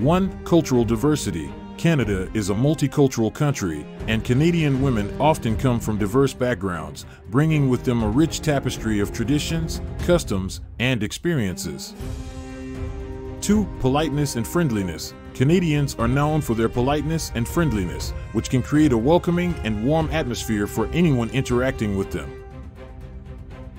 1. Cultural diversity. Canada is a multicultural country, and Canadian women often come from diverse backgrounds, bringing with them a rich tapestry of traditions, customs, and experiences. 2. Politeness and friendliness. Canadians are known for their politeness and friendliness, which can create a welcoming and warm atmosphere for anyone interacting with them.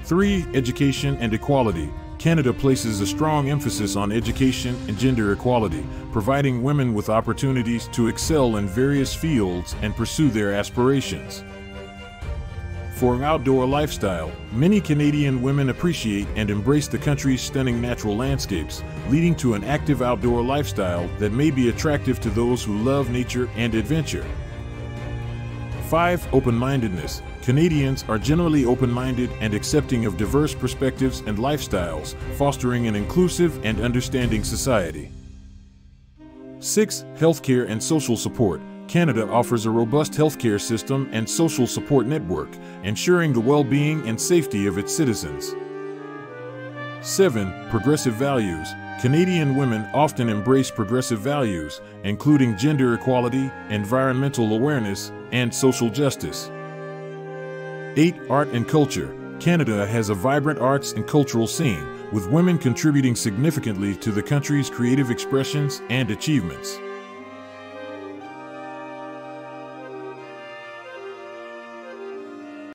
3. Education and equality. Canada places a strong emphasis on education and gender equality, providing women with opportunities to excel in various fields and pursue their aspirations. For an outdoor lifestyle, many Canadian women appreciate and embrace the country's stunning natural landscapes, leading to an active outdoor lifestyle that may be attractive to those who love nature and adventure. 5. Open mindedness. Canadians are generally open-minded and accepting of diverse perspectives and lifestyles, fostering an inclusive and understanding society. 6. Healthcare and social support. Canada offers a robust healthcare system and social support network, ensuring the well-being and safety of its citizens. 7. Progressive values. Canadian women often embrace progressive values, including gender equality, environmental awareness, and social justice. 8. Art and Culture Canada has a vibrant arts and cultural scene, with women contributing significantly to the country's creative expressions and achievements.